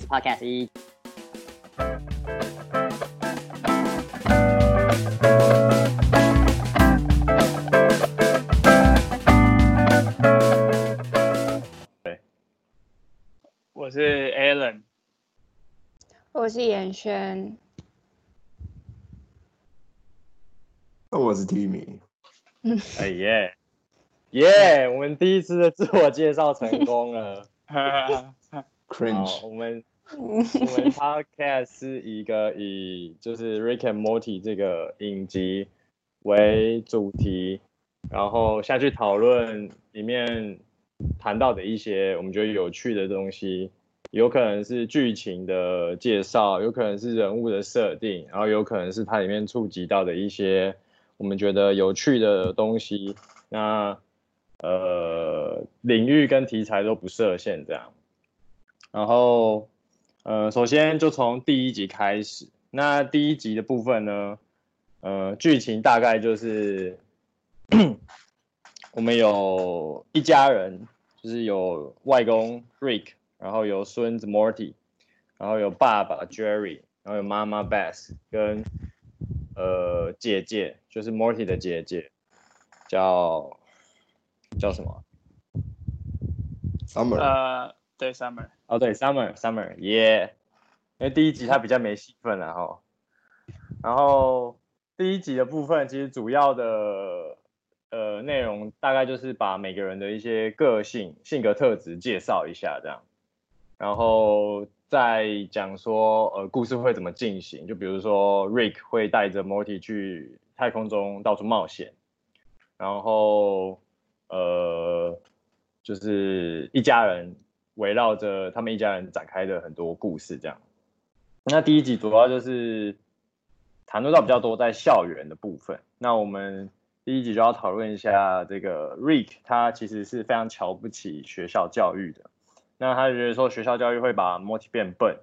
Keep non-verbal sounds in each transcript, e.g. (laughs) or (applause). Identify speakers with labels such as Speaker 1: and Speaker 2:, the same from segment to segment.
Speaker 1: 是 podcast
Speaker 2: 對，我是 Alan，我是嚴軒，我是 Timmy。
Speaker 3: 哎耶耶！
Speaker 4: 我們第一次的自我介紹成功了。 (laughs) uh. 好，我們因為 podcast 是一個以就是《Rick and Morty》這個影集為主題，然後下去討論裡面談到的一些我們覺得有趣的東西，有可能是劇情的介紹，有可能是人物的設定，然後有可能是它裡面觸及到的一些我們覺得有趣的東西。那呃，領域跟題材都不設限，這樣。然後，呃，首先就從第一集開始。那第一集的部分呢，呃，劇情大概就是，我們有一家人，就是有外公 Rick，然後有孫子 Morty，然後有爸爸 Jerry，然後有媽媽 Beth 跟呃姐姐，就是 Morty 的姐姐，叫叫什麼？Summer。呃、啊。
Speaker 1: Uh, Summer.
Speaker 4: Oh, 對，summer 哦，對，summer，summer，耶、yeah！因為第一集它比較沒戲份了、啊、吼。然後第一集的部分，其實主要的呃內容大概就是把每個人的一些個性、性格特質介紹一下這樣。然後再講說，呃，故事會怎麼進行，就比如說 Rick 會帶着 Morty 去太空中到處冒險，然後呃，就是一家人。圍繞着他們一家人展開的很多故事，這樣。那第一集主要就是談論到比較多在校園的部分。那我們第一集就要討論一下這個 Rick，他其實是非常瞧不起學校教育的。那他就覺得說學校教育會把 Morty 變笨，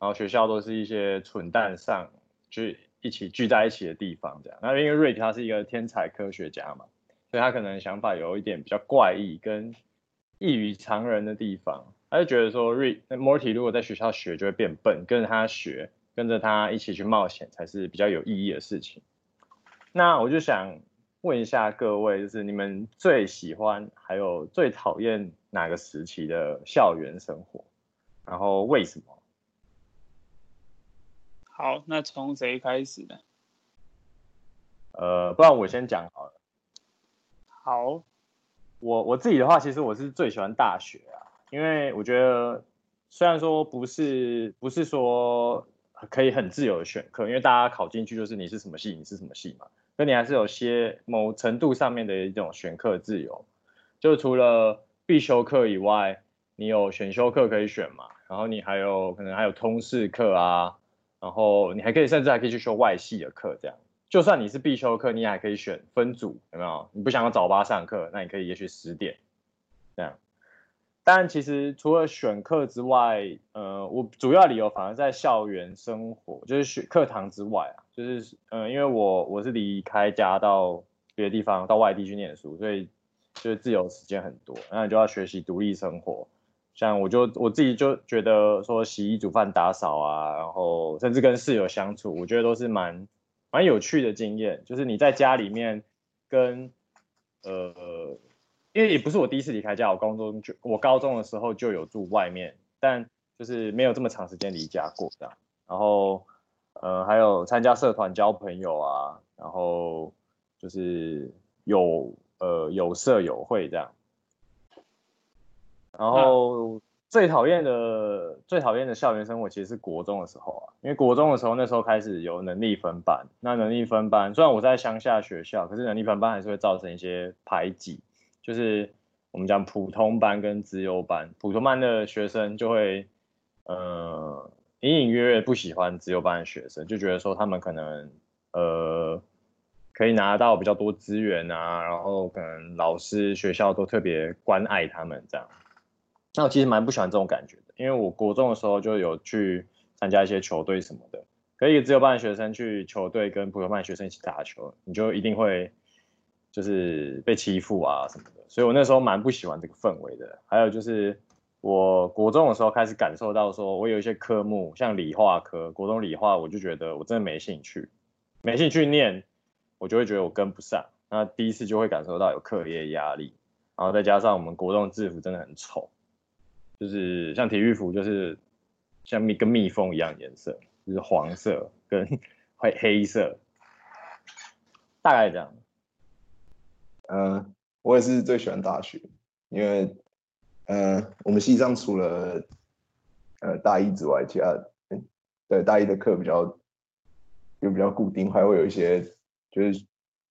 Speaker 4: 然後學校都是一些蠢蛋上聚，就一起聚在一起的地方這樣。那因為 Rick 他是一個天才科學家嘛，所以他可能想法有一點比較怪異跟。異於常人的地方，他就覺得說，瑞那莫提如果在學校學就會變笨，跟着他學，跟着他一起去冒險才是比較有意義的事情。那我就想問一下各位，就是你們最喜歡還有最討厭哪個時期的校園生活？然後為什麼？
Speaker 1: 好，那從誰開始呢？呃，
Speaker 4: 不然我先講好了。
Speaker 1: 好。
Speaker 4: 我我自己的話，其實我是最喜歡大學啊，因為我覺得雖然說不是，不是說可以很自由的選課，因為大家考進去就是你是什麼系，你是什麼系嘛，那你還是有些某程度上面的一種選課自由，就是除了必修課以外，你有選修課可以選嘛，然後你還有可能還有通識課啊，然後你還可以甚至還可以去修外系的課這樣。就算你是必修課，你也還可以選分組，有沒有？你不想要早八上課，那你可以也許十點這樣。當然，其實除了選課之外，呃，我主要理由反而在校園生活，就是學課堂之外啊，就是呃，因為我我是離開家到別的地方，到外地去念書，所以就是自由時間很多，然後就要學習獨立生活。像我就我自己就覺得說，洗衣、煮飯、打掃啊，然後甚至跟室友相處，我覺得都是蠻蠻有趣的經驗，就是你在家裡面跟呃，因為也不是我第一次離開家，我高中就我高中的時候就有住外面，但就是沒有這麼長時間離家過這樣。然後，呃，還有參加社團交朋友啊，然後就是有呃有社有會這樣，然後。嗯最討厭的最討厭的校園生活其實是國中的時候啊，因為國中的時候那時候開始有能力分班，那能力分班雖然我在鄉下學校，可是能力分班還是會造成一些排擠，就是我們講普通班跟資優班，普通班的學生就會呃隱隱約約，不喜歡資優班的學生，就覺得說他們可能呃可以拿到比較多資源啊，然後可能老師學校都特別關愛他們這樣。那我其實蠻不喜歡這種感覺的，因為我國中的時候就有去參加一些球隊什麼的，可以一個只有班的學生去球隊，跟普通班的學生一起打球，你就一定會就是被欺負啊什麼的。所以我那時候蠻不喜歡這個氛圍的。還有就是我國中的時候開始感受到說，我有一些科目像理化科，國中理化我就覺得我真的沒興趣，沒興趣念，我就會覺得我跟不上。那第一次就會感受到有課業壓力，然後再加上我們國中的制服真的很醜。就是像體育服，就是像蜜跟蜜蜂一樣顏色，就是黃色跟黑黑色，
Speaker 3: 大概這樣。嗯、呃，我也是最喜歡大學，因為嗯、呃，我們系上除了呃大一之外，其他對大一的課比較又比較固定，還會有一些就是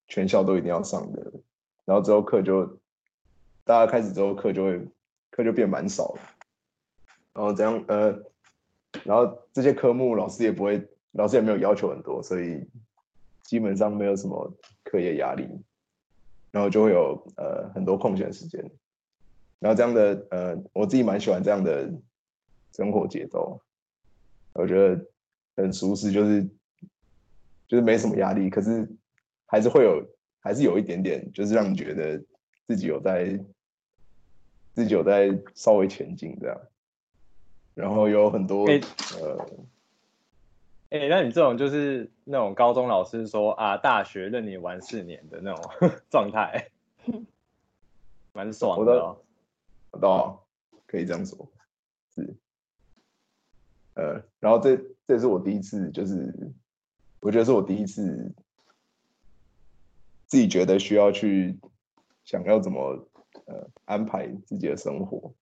Speaker 3: 全校都一定要上的，然後之後課就大二開始之後課就會課就變蠻少了。然後這樣，呃，然後這些科目老師也不會，老師也沒有要求很多，所以基本上沒有什麼課業壓力，然後就會有呃很多空閒時間，然後這樣的呃，我自己蠻喜歡這樣的生活節奏，我覺得很舒適，就是就是沒什麼壓力，可是還是會有，還是有一點點，就是讓你覺得自己有在自己有在稍微前進這樣。然後有很多，
Speaker 4: 呃，哎，那你這種就是那種高中老師說啊，大學任你玩四年的那種呵呵狀態，蠻
Speaker 3: 爽的哦，都可以這樣說，是，呃，然後這這是我第一次，就是我覺得是我第一次自己覺得需要去想要怎麼呃安排自己的生活，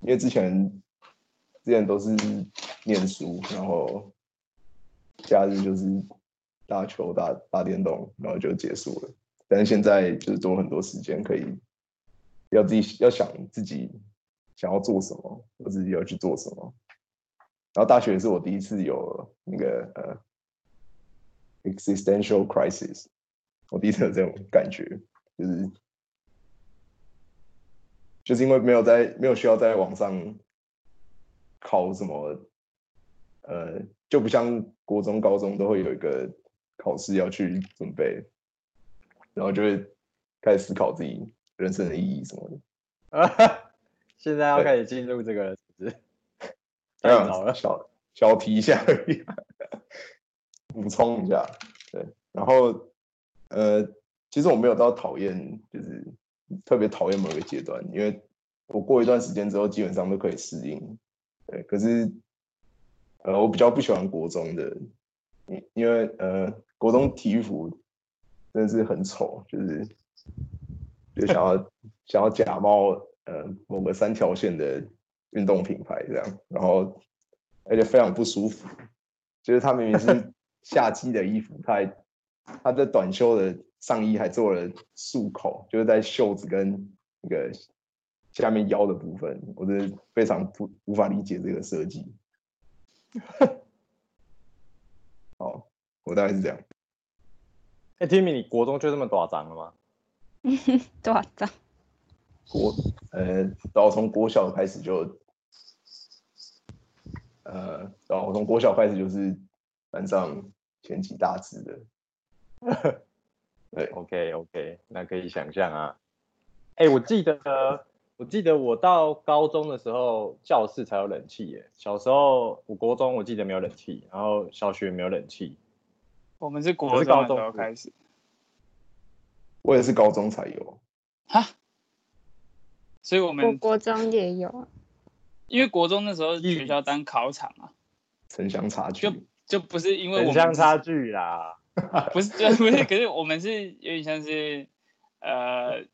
Speaker 3: 因為之前。之前都是念書，然後假日就是打球、打打電動，然後就結束了。但是現在就是多很多時間，可以要自己要想自己想要做什麼，我自己要去做什麼。然後大學也是我第一次有那個呃 uh, existential crisis，我第一次有這種感覺，就是就是因為沒有在沒有需要在網上。考什麼？呃，就不像國中、高中都會有一個考試要去準備，然後就會開始思考自己人生的意義什麼的。啊哈，
Speaker 4: 現在要開始進入這個了，是不是？哎呀，
Speaker 1: 我
Speaker 3: 要小小提一下，補 (laughs) 充一下。對，然後呃，其實我沒有到討厭，就是特別討厭某一個階段，因為我過一段時間之後，基本上都可以適應。對，可是，呃，我比較不喜歡國中的，因因為呃，國中體育服真的是很醜，就是就想要想要假冒呃某個三條線的運動品牌這樣，然後而且非常不舒服，就是他明明是夏季的衣服，他還他的短袖的上衣還做了束口，就是在袖子跟那個。下面腰的部分，我真非常不無法理解這個設計。 (laughs) 好，我大概是這樣。哎、
Speaker 4: 欸、，Timmy，你國中就這麼大隻了嗎？
Speaker 2: 少 (laughs) 隻。
Speaker 3: 國呃，我從國小開始就，呃，我從國小開始就是班上前幾大隻的。
Speaker 4: (laughs) 對，OK OK，那可以想象啊。哎、欸，我記得。我記得我到高中的時候教室才有冷氣耶。小時候，我國中我記得沒有冷氣，然後小學也沒有冷氣。我們是國
Speaker 1: 中是高中
Speaker 4: 高中開始。我也是高中才有。
Speaker 2: 哈，
Speaker 1: 所以我們國
Speaker 2: 國中也有，
Speaker 1: 因為國中的時候學校當考場啊，
Speaker 2: 城鄉差距
Speaker 1: 就就不是因為城鄉差距啦， (laughs) 不是，對，不是，可是我們是有點像是呃。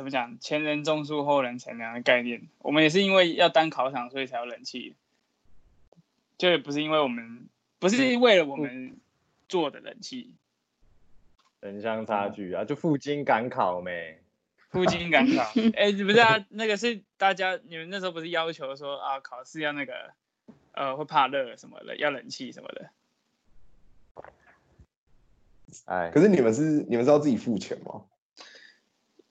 Speaker 1: 怎麼講？前人種樹，後人乘涼的概念。我們也是因為要當考場，所以才有冷氣。
Speaker 4: 就也不是因為我們，不是為了我們做的冷氣。嗯嗯、城鄉差距啊，就赴京趕考咩？赴京趕考？
Speaker 1: 哎、 (laughs) 欸，你不是啊，那個是大家你們那時候不是要求說啊，考試要那個，呃，會怕熱什麼的，要冷氣什麼的。哎，
Speaker 3: 可是你們是你們是要自己付錢嗎？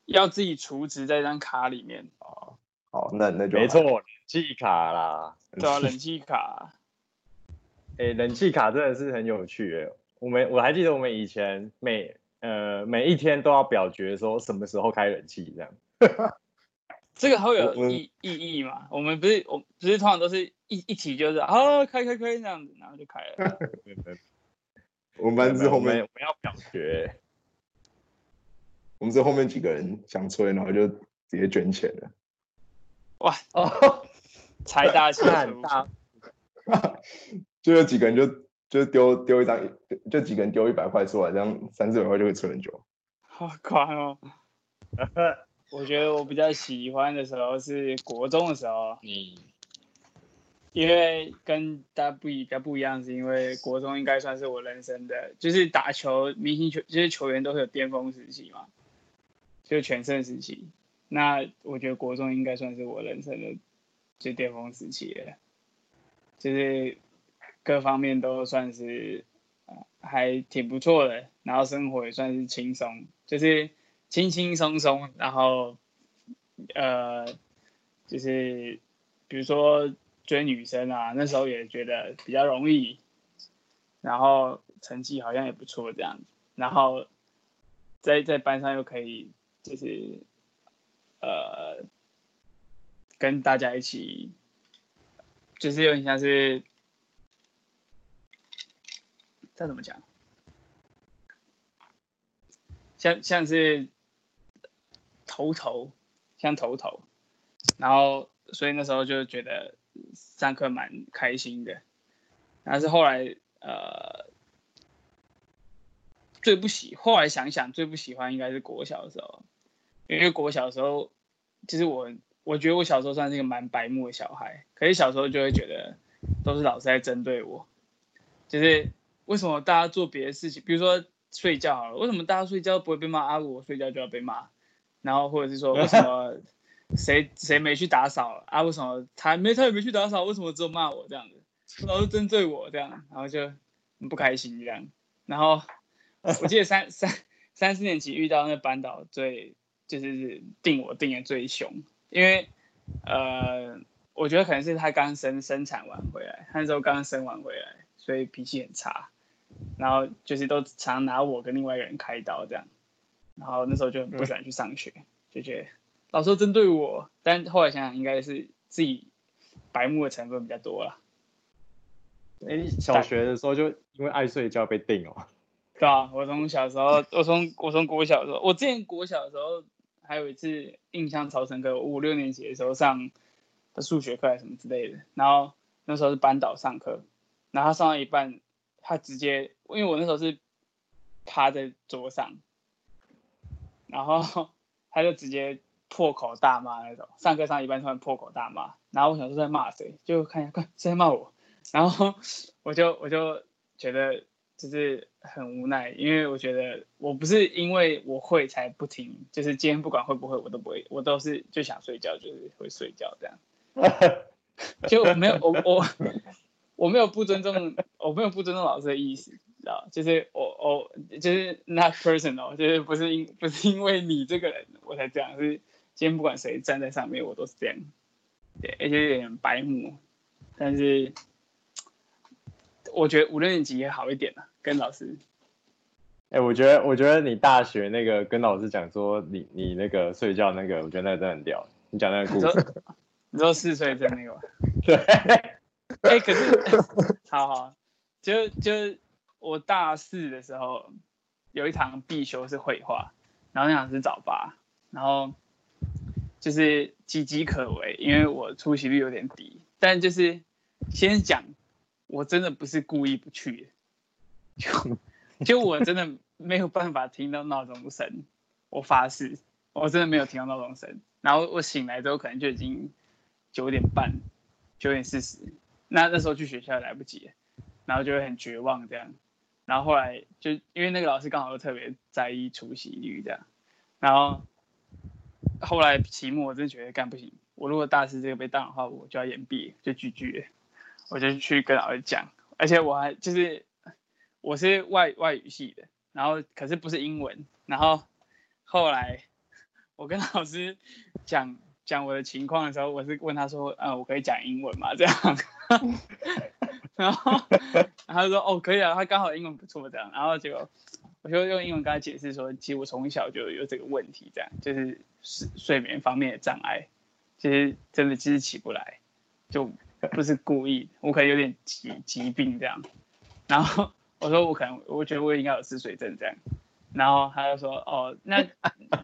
Speaker 1: 要自己儲值在這張卡裡面
Speaker 3: 哦。好，那那就好。沒錯，冷氣卡啦氣。對啊，冷
Speaker 1: 氣卡。哎
Speaker 4: (laughs) 欸，冷氣卡真的是很有趣。我們我還記得我們以前每呃每一天都要表決說什麼時候開冷氣這樣。 (laughs) 這個好有意
Speaker 1: 意義嘛？我們不是我不是通常都是一一起就是啊、哦、開開開這樣子，然後就開了 (laughs) 我之。
Speaker 3: 我們班是後面，我們要表決。我們這後面幾個人想吹，然後就直接捐錢了。哇哦，財
Speaker 1: 大氣 (laughs) 很大，就有幾個人就
Speaker 3: 就丢丟一張，就幾個人丟一百塊出來，這樣三四百塊就會吹很久。
Speaker 1: 好誇哦！我覺得我比較喜歡的時候是國中的時候，嗯，因為跟大不一、大不一樣，是因為國中應該算是我人生的，就是打球明星球，這些、就是、球員都會有巔峰時期嘛。就全盛時期，那我覺得國中應該算是我人生的最巔峰時期了，就是各方面都算是還挺不錯的，然後生活也算是輕鬆，就是輕輕鬆鬆，然後呃，就是比如說追女生啊，那時候也覺得比較容易，然後成績好像也不錯這樣子，然後在在班上又可以。就是，呃，跟大家一起，就是有點像是，再怎麼講，像像是頭頭，像頭頭，然後所以那時候就覺得上課蠻開心的，但是後來呃。最不喜後來想想，最不喜歡應該是國小的時候，因為國小的時候，其實我我覺得我小時候算是一個蠻白目的小孩，可是小時候就會覺得都是老師在針對我，就是為什麼大家做別的事情，比如說睡覺好了，為什麼大家睡覺不會被罵，啊，我睡覺就要被罵，然後或者是說為什麼誰誰 (laughs) 沒去打掃，啊，為什麼他沒他也沒去打掃，為什麼只有罵我這樣子，老師針對我這樣，然後就很不開心這樣，然後。 (laughs) 我記得三三三四年級遇到那個班導最就是定我定的最兇，因為呃我覺得可能是他剛生生產完回來，他那時候剛生完回來，所以脾氣很差，然後就是都常拿我跟另外一個人開刀這樣，然後那時候就不想去上學，嗯，就覺得老師針對我，但後來想想應該是自己白目的成分比較多啦。
Speaker 4: 哎、欸，小學的時候就因為愛睡覺被定哦。
Speaker 1: 對啊，我從小時候，我從我從國小的時候，我之前國小的時候還有一次印象超深刻，我五六年級的時候上的數學課還是什麼之類的，然後那時候是班導上課，然後上到一半，他直接因為我那時候是趴在桌上，然後他就直接破口大罵那種，上課上一半突然破口大罵，然後我想說在罵誰，就看一下，看誰罵我，然後我就我就覺得。就是很無奈，因為我覺得我不是因為我會才不聽，就是今天不管會不會，我都不會，我都是就想睡覺，就是會睡覺這樣。 (laughs) 就我沒有，我我我沒有不尊重，我沒有不尊重老師的意思，知道？就是我我就是 not personal，就是不是因不是因為你這個人我才這樣，就是今天不管誰站在上面，我都是這樣。對，而且有點白目，但是。我覺得五六年級也好一點了，啊，跟老師。
Speaker 4: 哎、欸，我覺得，我覺得你大學那個跟老師講說你你那個睡覺那個，我覺得那個真的很屌。你講那個故事，
Speaker 1: (laughs) 你說嗜睡真的那個嗎？對。哎、欸，可是好好，就就我大四的時候，有一堂必修是繪畫，然後那堂是早八，然後就是岌岌可危，因為我出席率有點低，但就是先講。我真的不是故意不去的，就就我真的沒有辦法聽到鬧鐘聲，我發誓，我真的沒有聽到鬧鐘聲。然後我醒來之後，可能就已經九點半、九點四十，那那時候去學校也來不及，然後就會很絕望這樣。然後後來就因為那個老師剛好又特別在意出席率這樣，然後後來期末我真的覺得幹不行，我如果大四這個被當的話，我就要延畢，就拒絕。我就去跟老師講，而且我還就是我是外外語系的，然後可是不是英文，然後後來我跟老師講講我的情況的時候，我是問他說，呃，我可以講英文嗎？這樣， (laughs) (laughs) 然後然後他說，哦，可以啊，他剛好英文不錯，這樣，然後就我就用英文跟他解釋說，其實我從小就有這個問題，這樣就是睡眠方面的障礙，其實真的其實起不來，就。不是故意，我可能有點疾疾病這樣，然後我說我可能，我覺得我應該有嗜睡症這樣，然後他就說，哦，那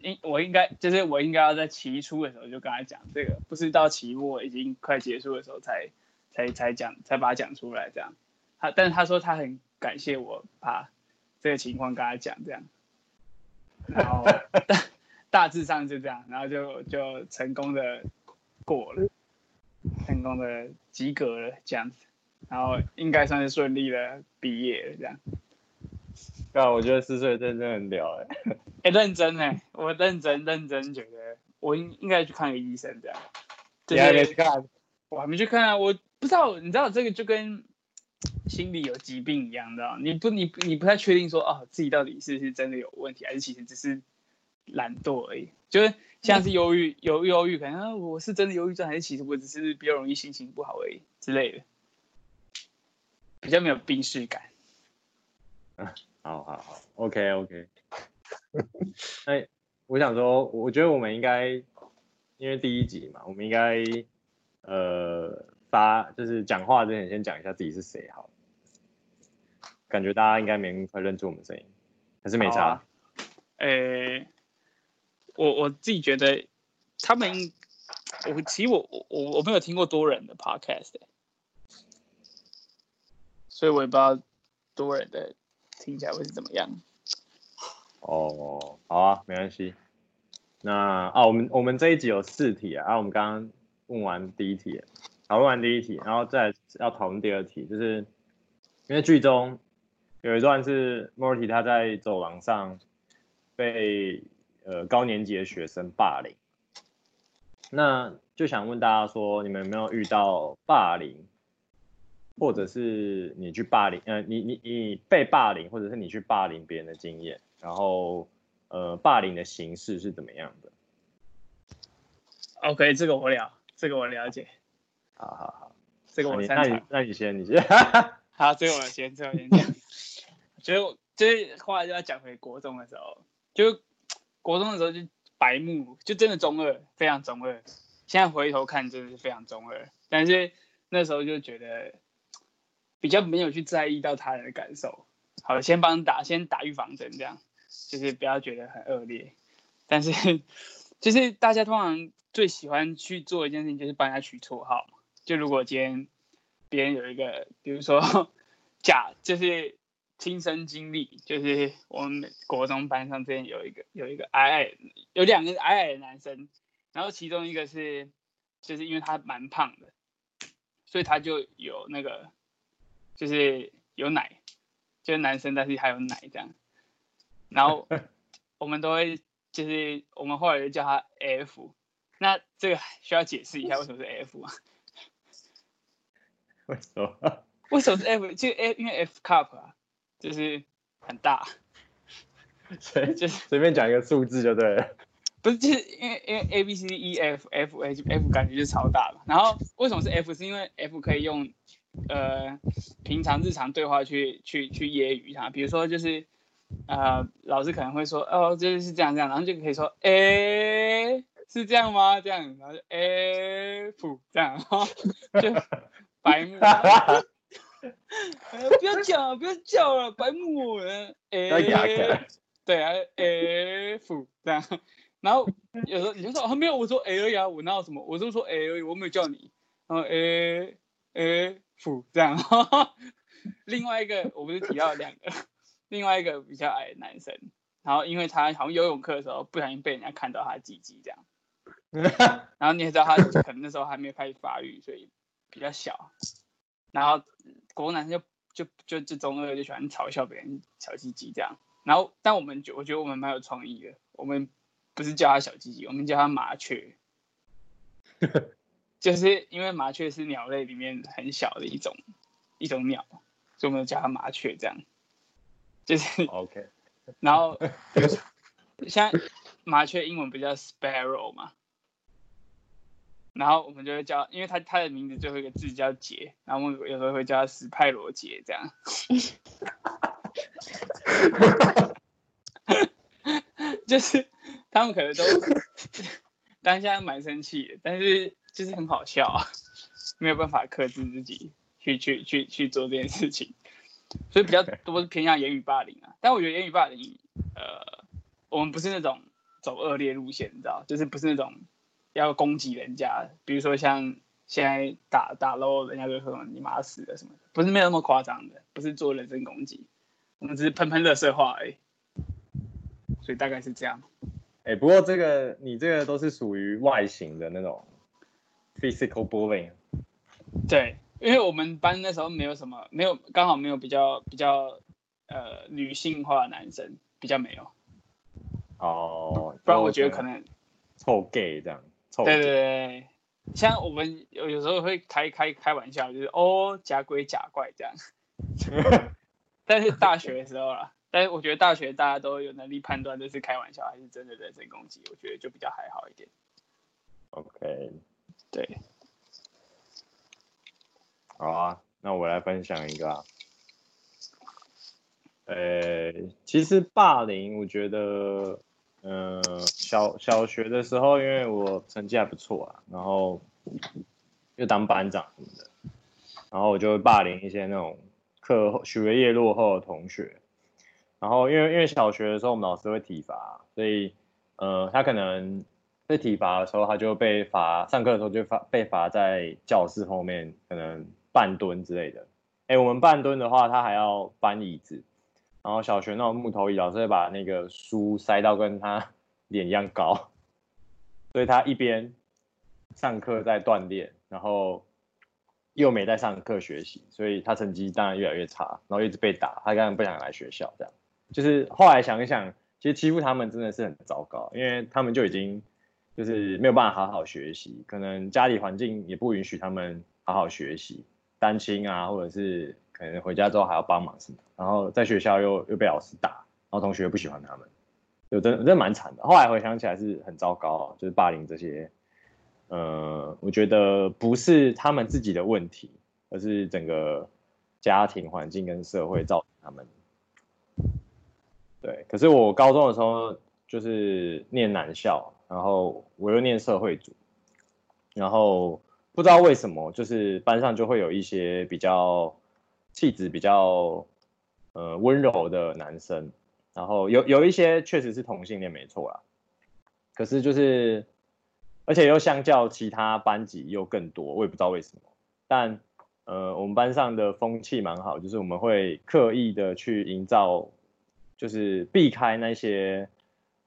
Speaker 1: 應我應該就是我應該要在期初的時候就跟他講這個，不是到期末已經快結束的時候才才才講才，才把他講出來這樣，他但是他說他很感謝我把這個情況跟他講這樣，然後大，大致上就這樣，然後就就成功的過了。弄得及格了這樣子，然後應該算是順利的畢業了這樣。
Speaker 4: 對啊，我覺得嗜睡真的真的很屌哎、欸。
Speaker 1: 哎、欸，認真哎、欸，我認真認真覺得，我應應該去看個醫生這樣。
Speaker 4: 對、就是
Speaker 1: yeah, 我還沒去看、啊，我不知道，你知道這個就跟心理有疾病一樣的，你不你你不太確定說哦自己到底是不是真的有問題，還是其實只是懶惰而已。覺得現在是憂鬱，有憂鬱，可能、啊、我是真的憂鬱症，還是其實我只是比較容易心情不好而已之類的，
Speaker 4: 比較沒有病識感。嗯、啊，好好好，OK OK。哎， (laughs) 我想說，我覺得我們應該，因為第一集嘛，我們應該呃發，就是講話之前先講一下自己是誰好。感覺大家應該沒認出我們聲
Speaker 1: 音，還是沒差？誒、啊。欸我我自己覺得，他們，我其實我我我沒有聽過多人的 podcast 欸，所以我也不知道多人的聽起來會是怎麼樣。
Speaker 4: 哦，好啊，沒關係。那啊，我們我們這一集有四題啊，啊我們剛剛問完第一題，討論完第一題，然後再要討論第二題，就是因為劇中有一段是 Morty 他在走廊上被。呃，高年級的學生霸凌，那就想問大家說，你們有沒有遇到霸凌，或者是你去霸凌，呃，你你你被霸凌，或者是你去霸凌別人的經驗？然後，呃，霸凌的形式是怎麼樣的？OK，這
Speaker 1: 個我了，這個我了解。好好好，這個我先。啊，你，
Speaker 4: 那你先，你先，
Speaker 1: (laughs) 好，這個我先，這個我先講。 (laughs) 就，就這話就要講回國中的時候，就。國中的時候就白目，就真的中二，非常中二。現在回頭看真的是非常中二，但是那時候就覺得比較沒有去在意到他人的感受。好，先幫打，先打預防針，這樣就是不要覺得很惡劣。但是就是大家通常最喜歡去做一件事情，就是幫他取綽號。就如果今天別人有一個，比如說假，就是。親身經歷就是我們國中班上，這邊有一個有一個矮矮，有兩個矮矮的男生，然後其中一個是，就是因為他蠻胖的，所以他就有那個，就是有奶，就是男生但是還有奶這樣，然後我們都會就是我們後來就叫他 F，那這個需要解釋一下為什麼是 F 啊？為什麼？為什麼是 F？就 F 因為 F cup 啊。就是很大，所
Speaker 4: 以就隨、是、便講一個數字就對了。
Speaker 1: 不是，就是因為因為 A B C D E F F F 感覺就超大了。然後為什麼是 F？是因為 F 可以用呃平常日常對話去去去揶揄他。比如說就是呃老師可能會說哦，就是是這樣這樣，然後就可以說 a、欸、是這樣嗎？這樣然後就 F 這樣，就， (laughs) 就 (laughs) 白目 (laughs) (laughs) 啊、不要叫，不要叫了，白木文、欸啊欸。f 對啊，F 這樣，然後有時候你就說，哦、啊，沒有，我說哎呀、啊，我鬧什麼，我就說 L，我沒有叫你，然後 A, A, F，這樣。 (laughs) 另外一個，我不是提到兩個，另外一個比較矮的男生，然後因為他好像游泳課的時候，不小心被人家看到他雞雞這樣， (laughs)
Speaker 2: 然
Speaker 1: 後你也知道他可能那時候還沒開始發育，所以比較小，然後。國男生就就就就中二就喜歡嘲笑別人小雞雞這樣，然後但我們就我覺得我們蠻有創意的，我們不是叫他小雞雞，我們叫他麻雀，就是因為麻雀是鳥類裡面很小的一種一種鳥，所以我們就叫它麻雀這樣，就是 OK，然後像麻雀英文不叫 sparrow 嘛？然後我們就會叫，因為他他的名字最後一個字叫傑，然後我們有時候會叫他史派羅傑這樣。 (laughs) (laughs) 就是他們可能都，但是現在蠻生氣，但是就是很好笑啊，沒有辦法克制自己去去去去做這件事情，所以比較多是偏向言語霸凌啊。但我覺得言語霸凌，呃，我們不是那種走惡劣路線，你知道，就是不是那種。要攻擊人家，比如說像現在打打 LOL 人家就說你媽死了什麼的，不是，沒有那
Speaker 4: 麼誇張的，不是做
Speaker 1: 人身攻擊，我們只是噴噴垃圾話而已。所以大概是這樣
Speaker 4: 哎、欸。不過這個你這個都是屬於外形的那種 physical bullying。對，
Speaker 1: 因為我們班那時候沒有什麼，沒有剛好沒有比較比較呃女性化的男生比較沒有。
Speaker 4: 哦，不然我覺得可能臭 gay 這樣。
Speaker 2: 對，對對
Speaker 1: 對，像我們有有時候會開開開玩笑，就是哦假鬼假怪這樣， (laughs) 但是大學的時候啦，但是我覺得大學大家都有能力判斷這是開玩笑還是真的人身攻擊，我覺得就比較還好一點。
Speaker 4: OK，對，好啊，那我來分享一個啊，呃，其實霸凌，我覺得。呃，小小學的時候，因為我成績還不錯啊，然後又當班長什麼的，然後我就會霸凌一些那種課學業落後的同學。然後因為因為小學的時候我們老師會體罰，所以呃，他可能被體罰的時候，他就被罰上課的時候就罰被罰在教室後面，可能半蹲之類的。哎、欸，我們半蹲的話，他還要搬椅子。然後小學那種木頭椅，老師會把那個書塞到跟他臉一樣高，所以他一邊上課在鍛鍊，然後又沒在上課學習，所以他成績當然越來越差，然後一直被打，他當然不想來學校。這樣就是後來想一想，其實欺負他們真的是很糟糕，因為他們就已經就是沒有辦法好好學習，可能家裡環境也不允許他們好好學習，單親啊，或者是。可能回家之後還要幫忙什麼，然後在學校又又被老師打，然後同學又不喜歡他們，就真真的蠻慘的，的。後來回想起來是很糟糕，就是霸凌這些，呃，我覺得不是他們自己的問題，而是整個家庭環境跟社會造成他們。對，可是我高中的時候就是念男校，然後我又念社會組，然後不知道為什麼，就是班上就會有一些比較。氣質比較，呃，溫柔的男生，然後有有一些確實是同性戀，沒錯啦。可是就是，而且又相較其他班級又更多，我也不知道為什麼。但，呃，我們班上的風氣蠻好，就是我們會刻意的去營造，就是避開那些，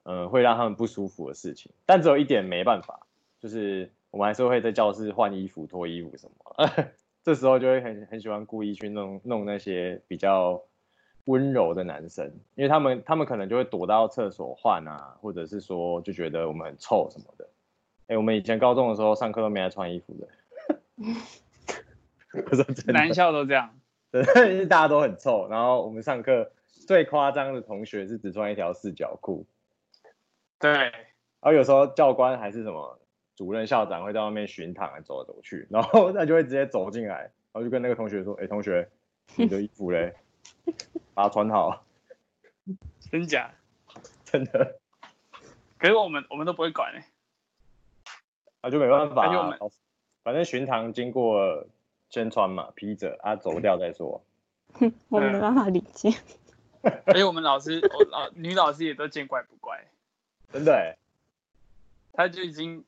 Speaker 4: 呃，會讓他們不舒服的事情。但只有一點沒辦法，就是我們還是會在教室換衣服、脫衣服什麼。 (laughs) 這時候就會很很喜歡故意去弄弄那些比較溫柔的男生，因為他們他們可能就會躲到廁所換啊，或者是說就覺得我們很臭什麼的。哎、欸，我們以前高中的時候上課都沒來穿衣服的， (laughs) 真的。男校都這樣，對， (laughs) 大家都很臭。然後我們上課最誇張的同學是只穿一條四角褲，對。然、啊、後有時候教官還是什麼。主任、校長會在外面巡堂，走來走去，然後他就會直接走進來，然後就跟那個同學說：“哎、欸，同學，你的衣服嘞？ (laughs) 把它穿好。”真假？真的。
Speaker 1: 可是我們我們都不會管哎，
Speaker 4: 那、啊、就沒辦法。反正、哦、反正巡堂經過先穿嘛，披着啊走掉再說。
Speaker 2: 哼、 (laughs) 嗯，我們沒辦法理解。
Speaker 4: 哎， (laughs) 而且我們老師，我老
Speaker 1: 女老師也都見怪不怪。
Speaker 4: 真的哎，
Speaker 1: 他就已經。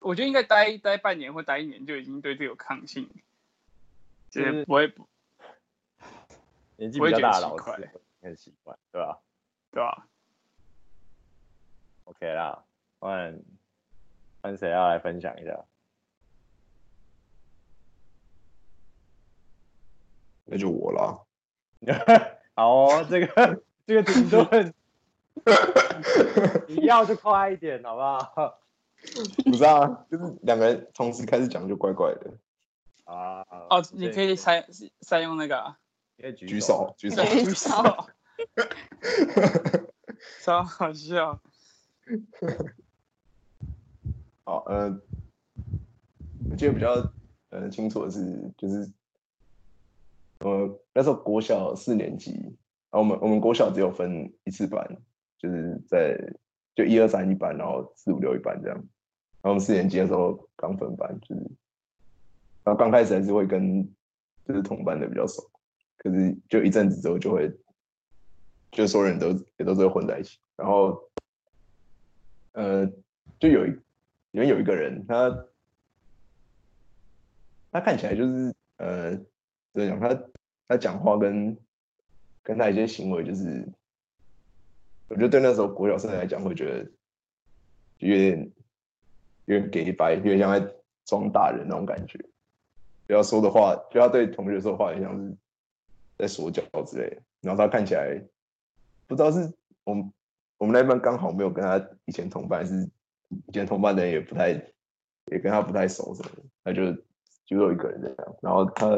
Speaker 1: 我覺得應該待待半年或待一年就已經對這有抗性，就是
Speaker 4: 不會年紀不會覺得奇怪，很習慣，對吧、啊？對吧、啊、OK 啦，問問誰要來分享一下？
Speaker 3: 那就我了。 (laughs) 好、哦，這個 (laughs) 這個停頓， (laughs) 你
Speaker 4: 要就快一點，好不好？ (laughs)
Speaker 3: 不知道啊，就是兩個人同時開始講就怪怪的
Speaker 4: 啊。哦，你可以
Speaker 1: 採，再用那個，可以舉手，舉手，舉手，超好笑。
Speaker 3: (laughs) 好，呃，我記得比較呃清楚的是，就是我那時候國小四年級啊，我們我們國小只有分一次班，就是在。就一二三一班，然後四五六一班這樣。然後四年級的時候剛分班，就是，然後剛開始還是會跟就是同班的比較熟，可是就一陣子之後就會，就所有人都也都是會混在一起。然後，呃，就有一裡面有一個人，他他看起來就是呃，怎講，他他講話跟跟他一些行為就是。我覺得對那時候國小生來講，會覺得有點有點給白，有點像在裝大人那種感覺。不要說的話，不要對同學說的話，像是在說教之類的。然後他看起來不知道是我們我們那班剛好沒有跟他以前同班，是以前同班的人也不太也跟他不太熟什麼的。他就只有一個人這樣。然後他，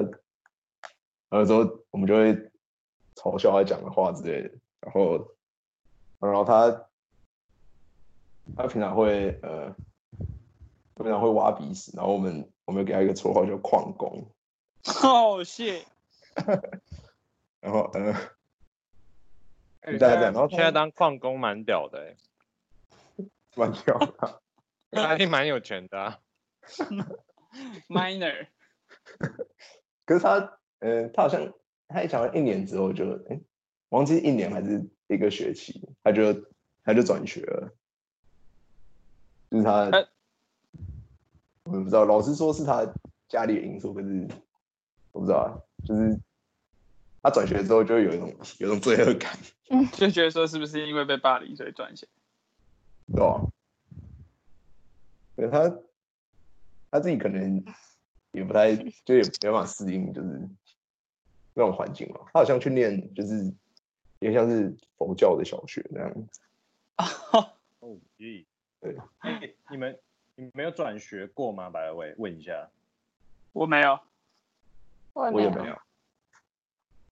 Speaker 3: 然後之後我們就會嘲笑他講的話之類的，然後。然後他，他平常會呃，平常會挖鼻屎。然後我們，我們給他一個綽號叫、就是、礦工。
Speaker 1: 好、oh, 戲、 (laughs) 呃欸呃
Speaker 3: 呃。然後呃，你再講。然後
Speaker 1: 現在
Speaker 4: 當礦工蠻屌的哎，蠻 (laughs) 屌的、啊。他應該蠻有
Speaker 3: 錢的 Miner。可是他，呃，他好像他一講完一年之後就哎。欸忘記一年還是一個學期，他就他就轉學了。就是他，欸、我也不知道，老師說是他家裡的因素，可是我不知道啊。就是他轉學之後，就會有一種有一種罪惡感，
Speaker 1: 就覺得說是不是因為被霸凌所以轉學？
Speaker 3: 對啊，對他他自己可能也不太，就也沒法適應，就是那種環境嘛。他好像去念，就是。也像是佛教的小學那樣子啊！哦、
Speaker 4: oh, okay. 對 hey, 你，你們你沒有轉學過嗎？百威問一下，我沒有，
Speaker 2: 我也沒有。
Speaker 4: 哦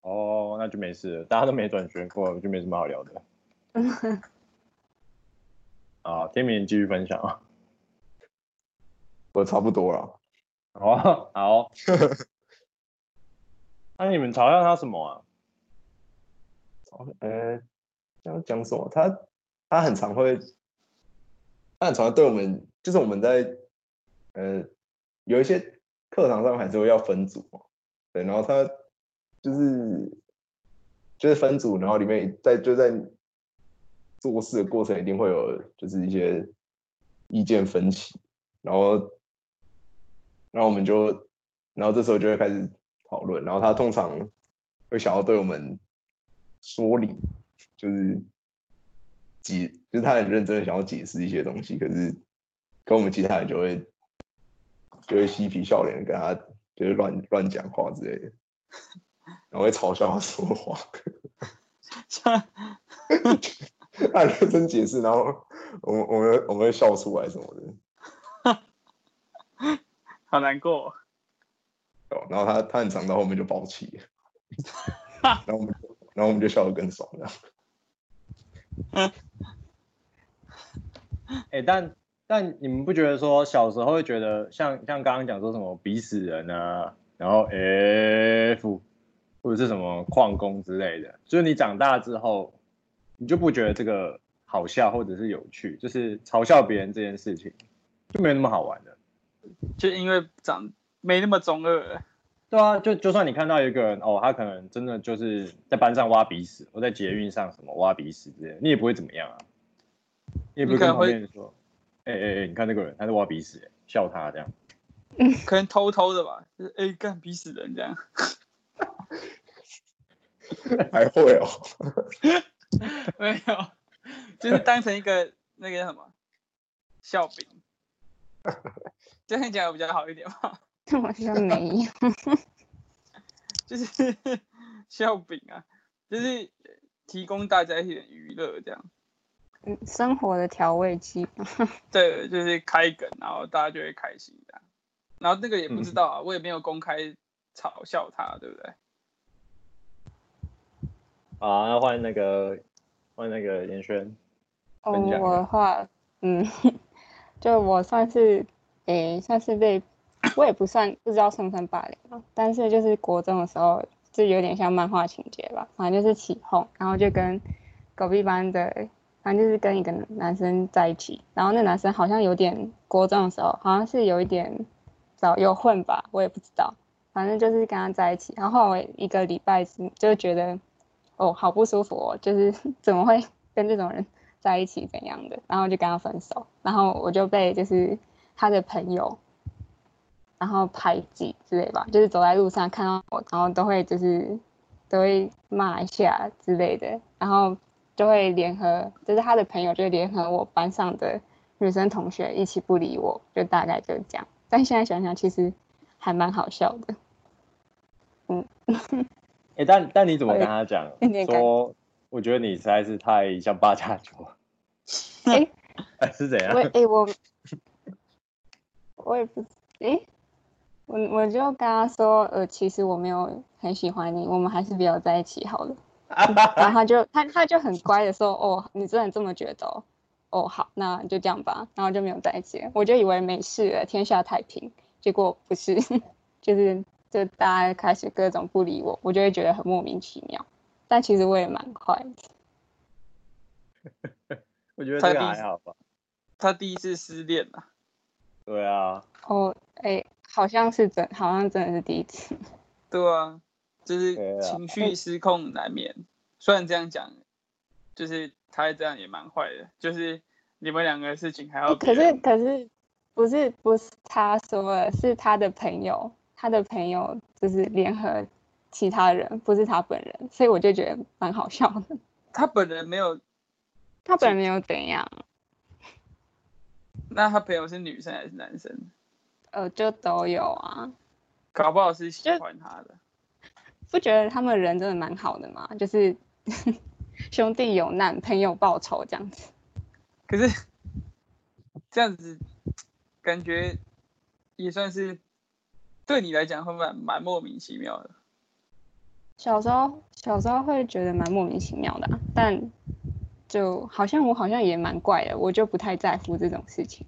Speaker 4: ，oh, oh, oh, oh, 那就沒事了，大家都沒轉學過，就沒什麼好聊的。啊 (laughs) ，Timmy 繼續分享啊！
Speaker 3: 我差不多了，
Speaker 4: 好、oh,，好、
Speaker 3: 哦。那、 (laughs) (laughs) 啊、你們嘲笑他什麼啊？呃、嗯，講講什麼？他他很常會，他很常會對我們，就是我們在呃、嗯，有一些課堂上還是會要分組，對，然後他就是就是分組，然後裡面在就在做事的過程，一定會有就是一些意見分歧，然後然後我們就然後這時候就會開始討論，然後他通常會想要對我們。說理就是解，就是他很認真的想要解釋一些東西，可是跟我們其他人就會就會嬉皮笑臉跟他就是亂亂講話之類的，然後會嘲笑他說話，
Speaker 2: (laughs) (laughs) 他
Speaker 3: 很認真解釋，然後我們我們會我們會笑出來什麼的，
Speaker 1: (laughs) 好難過
Speaker 3: 哦，然後他他很常到後面就爆氣了， (laughs) 然後我們。然後我們就笑得更爽，這
Speaker 4: 樣。哎、 (laughs) 欸，但但你們不覺得說小時候會覺得像像剛剛講說什麼鼻死人啊，然後 F 或者是什麼礦工之類的，就是你長大之後，你就不覺得這個好笑或者是有趣，就是嘲笑別人這件事情就沒有那麼好玩了，就因為長沒那麼中二。對啊，就就算你看到一個人哦，他可能真的就是在班上挖鼻屎，或在捷運上什麼挖鼻屎之類，你也不會怎麼樣啊，你也不
Speaker 2: 會跟別人
Speaker 4: 說，哎哎哎，你看那個人他在挖鼻屎，笑他這樣。可能偷偷的吧，就是哎乾、欸、鼻屎的人這樣，
Speaker 3: (laughs) (laughs) 還會哦， (laughs) (laughs) 沒有，
Speaker 1: 就是當成一個那個叫什麼笑柄，這樣講比較好一點吧。
Speaker 2: 我像沒有
Speaker 1: (laughs) 就是笑柄啊，就是提供大家一點娛樂這樣，
Speaker 2: 嗯，生活的調味劑。
Speaker 1: (laughs) 對，就是開梗，然後大家就會開心的，然後那個也不知道啊，我也沒有公開嘲笑他，
Speaker 4: 對不對，嗯？好啊，換那，那個，換那個嚴軒，我的
Speaker 2: 話，嗯，就我算是，誒、欸，算是被。我也不算不知道算不算霸凌，但是就是國中的時候就有點像漫畫情節吧，反正就是起哄，然後就跟隔壁班的，反正就是跟一個男生在一起，然後那男生好像有點國中的時候好像是有一點早有混吧，我也不知道，反正就是跟他在一起，然後後來我一個禮拜是就覺得哦好不舒服哦，就是怎麼會跟這種人在一起怎樣的，然後就跟他分手，然後我就被就是他的朋友。然後排擠之類吧，就是走在路上看到我，然後都會就是都會罵一下之類的，然後就會聯合，就是他的朋友就聯合我班上的女生同學一起不理我，就大概就這樣。但現在想想，其實還蠻好笑的。嗯。
Speaker 4: 哎、 (laughs) 欸，但但你怎麼跟他講點點？說我覺得你實在是太像八家族了。欸、 (laughs) 哎，是怎樣。我哎、
Speaker 2: 欸、我，我也不知道哎。欸我我就跟他說，呃，其實我沒有很喜歡你，我們還是不要在一起好了。 (laughs) 然後他就他他就很乖的說，哦，你真的這麼覺得哦？哦，哦好，那就這樣吧。然後就沒有在一起，我就以為沒事了，天下太平。結果不是，呵呵就是就大家開始各種不理我，我就會覺得很莫名其妙。但其實我也蠻快。 (laughs) 我覺得
Speaker 1: 他還好吧。他第一次，第一次失戀了、
Speaker 2: 啊。對啊。哦，誒、欸。好像是真，好像真的是第一次。
Speaker 1: 對啊，就是情緒失控難免。雖然這樣講，就是他這樣也蠻壞的。就是你們兩個事情還要、欸、可是
Speaker 2: 可是不是不是他說的是他的朋友，他的朋友就是聯合其他人，不是他本人，所以我就覺得蠻好笑的。他本
Speaker 1: 人沒有，
Speaker 2: 他本人沒有怎樣。
Speaker 1: 那他朋友是女生還是男生？
Speaker 2: 呃，就都有啊，
Speaker 1: 搞不好是喜歡他的，
Speaker 2: 不覺得他們人真的蠻好的嗎？就是呵呵兄弟有難，朋友報仇這樣子。
Speaker 1: 可是這樣子感覺也算是對你來講會不會蠻莫名其妙的？
Speaker 2: 小時候小時候會覺得蠻莫名其妙的，啊，但就好像我好像也蠻怪的，我就不太在乎這種事情。